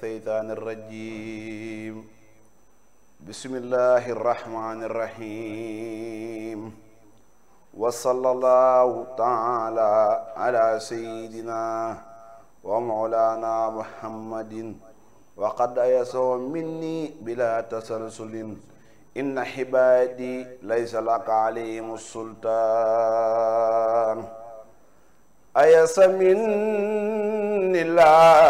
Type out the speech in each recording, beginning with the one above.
الشيطان الرجيم بسم الله الرحمن الرحيم وصلى الله تعالى على سيدنا ومولانا محمد وقد أيسر مني بلا تسلسل إن عبادي ليس لك عليهم السلطان أيس مني لا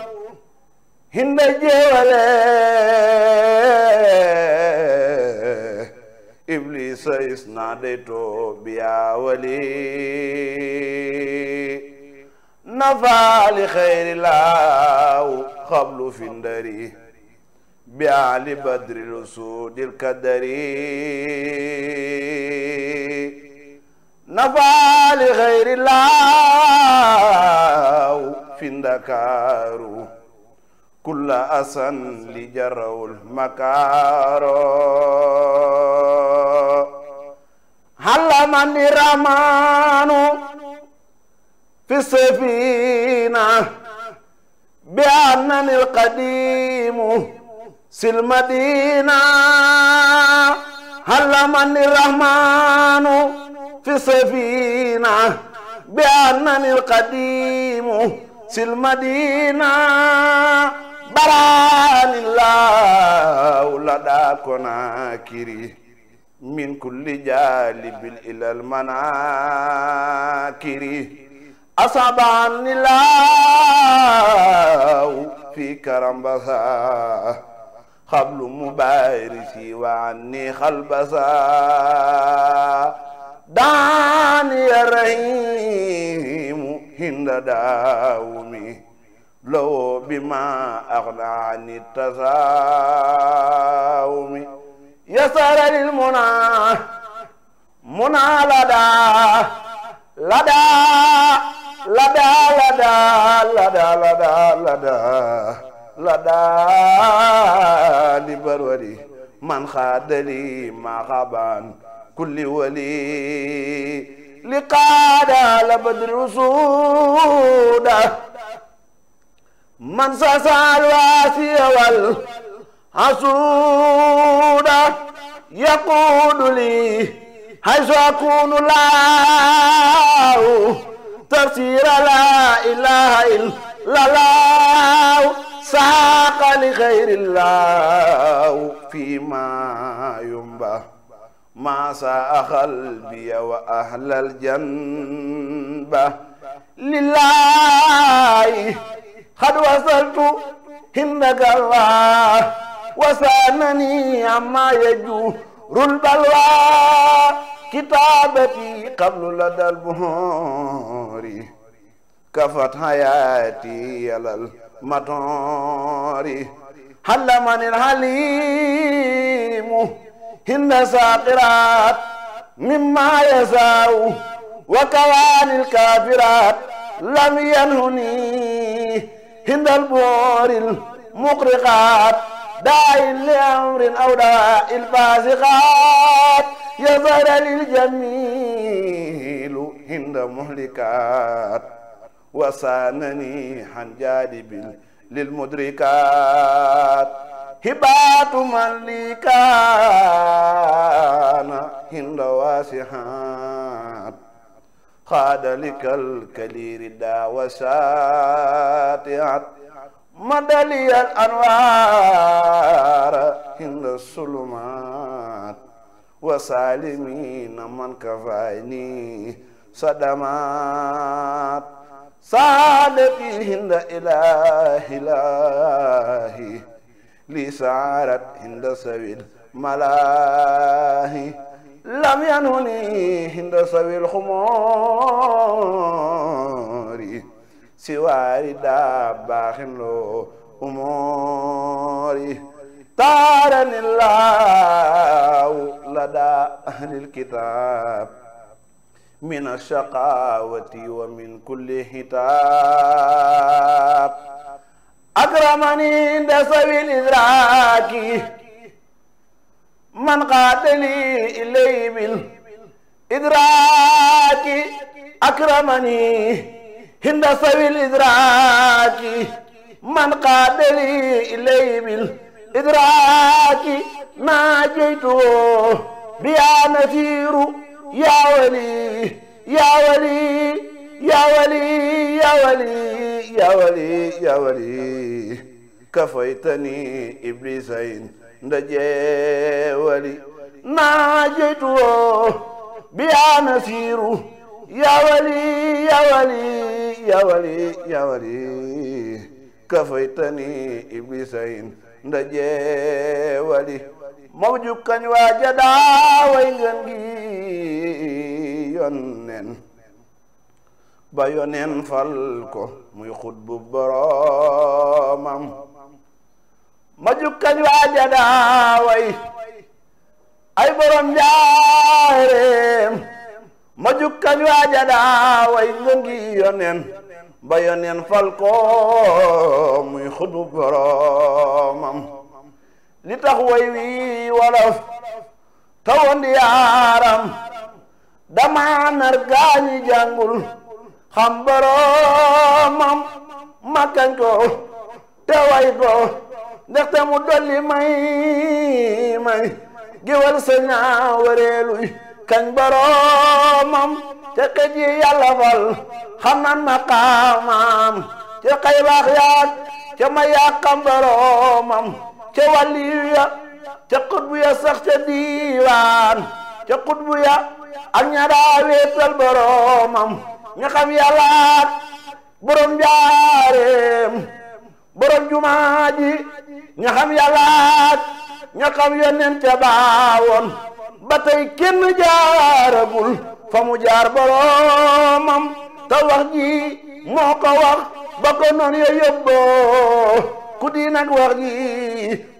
hinda jeewale iblisa isna dey to biyawali nafaali xeyri laaw xablu findari bi ali badri rusudil kadari nafaali xeyri laaw findakaru kulla asan li jarawul makaaro hallamani ramanu fi safina bi annani alqadimu sil madina hallamani rahmanu fi safina bi annani alqadimu sil madina براني الله لداكنا كري من كل جالب إلى المناكر أصابني الله في كرم بصاه قبل مبارسي وعني خلبسا دعني الرحيم هند داومي لو بما أغنى عن التزاوم يسر للمنى منى لدى لدى لدى لدى لدى لدى لدى لدى لبروري من خاد لي ما خابان كل ولي لقاد لبدر وسوده من سسى الواسي والحسود يقول لي حيث أكون الله تفسير لا إله إلا الله ساق لغير الله فيما ينبه ما ساء قلبي وأهل الجنبة لله قد وصلت همك الله وسانني عما يجور البلوى كتابتي قبل لدى البهور كفت حياتي على المطار علمني الحليم هن ساقرات مما يساو وكوان الكافرات لم ينهني hindal booril muqriqaat daayin li amrin aw daa'il faasiqaat yazara lil jamiilu hinda muhlikaat wasaanani han jaadibil lil mudrikaat hibaatu man li kaana hinda waasihaan xaadalika alkaliri daa wasaatiat madaliyal anwaara hinda sulumaat wasalimina man kafaani sadamaat saadati hinda ilahi ilahi saarat hinda sawil malaahi لم ينهني هند سوي الخمار سوار داباخ له أموري تارني الله لدى أهل الكتاب من الشقاوة ومن كل حتاب أكرمني عند سوي الإدراك man qaadali ilay bil idraaki akramani hinda sawil idraaki man qaadali ilay bil idraaki naajaytu biyaa nasiiru yaa wali yaa wali yaa wali yaa wali yaa wali yaa wali kafaytani iblisayn ndajeewali naa jeytuwoo biyaa nasiiru yawali yawali yawali yawali kafaytani iblisayin ndajeewali moom jukkañ waa jadaawa ngeen gi yonnen ba yonen fal ko muy xutbu boromam ma jukkañ waaja daaway ay borom njaareem ma jukkañ waaja daaway nga ngi yonen ba yonen fal ko muy boromam li tax way wi wolof tawondi yaaram dama nar gaañi jàngul xam boromam ma kañ ko te way ko ndaxte mu dolli may may giwal sa ñaawareeluy kañ boroomam te xëj yi yàlla fal nan maqaamam te xay baax yaag te ma yàqam boroomam te wàlliyu ya te xutbu sax te diiwaan te xutbu ya ak ña daa ña xam yàllaat jaareem borom jumaa ña xam yàllaat ña xam baawoon ba tey kenn jaaragul fa mu jaar boroomam te wax ji moo ko wax ba ko noon ya yóbboo ku di nag wax ji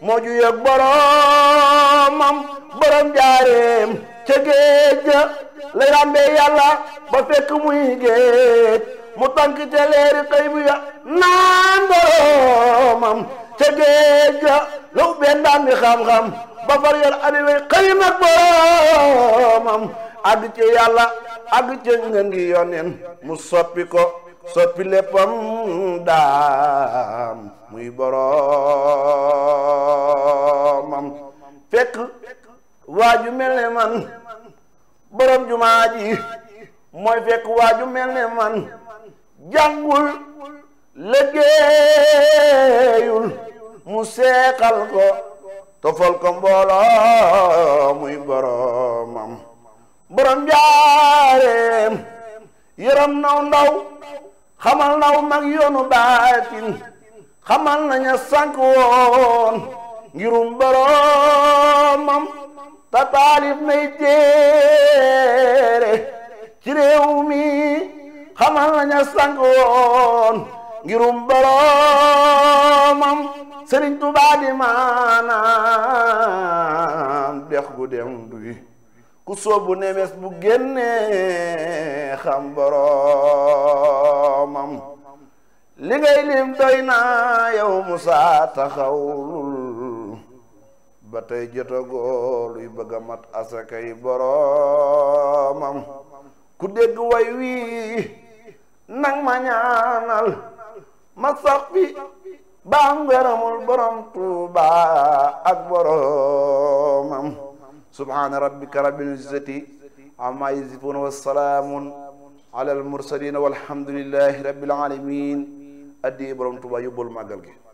moo ju yëg boroomam borom jaareem ca géej ga la ràmbee yàlla ba fekk muy géej mu tànk ca leeri xëy ya naan boroomam te géej ga daan di xam-xam ba far yor adiwey xëy nag boromam àgg ci yàlla àgg ci ngën gi yoneen mu soppi ko soppi léppam daam muy boromam fekk waaju mel ne man borom jumaa mooy fekk waaju mel ne man jàngul liggéeyul mu seexal ko tofal ko mbooloo boromam borom jaareem yërëm naw ndaw xamal naw mag yoonu baatin xamal naña sànk woon ngirum boromam ta taalif nay téere ci réew mi xamal naña sànk woon ngirum boromam sëriñ Tuubaa di maanaam dex gu dem duy ku soobu nemes bu génnee xam boroomam li ngay lim doy naa yow Musaa taxawlul ba tey jotagoo luy bëgg a mat asakay boroomam ku dégg way wii nang ma ñaanal ma sax ba am ngërëmul borom tuuba ak boromam subhaana rabbika rabbil izzati amma yasifuun wa salaamun ala al mursalin walhamdulillahi rabbil alamin addi borom tuuba yóbbul màggal gi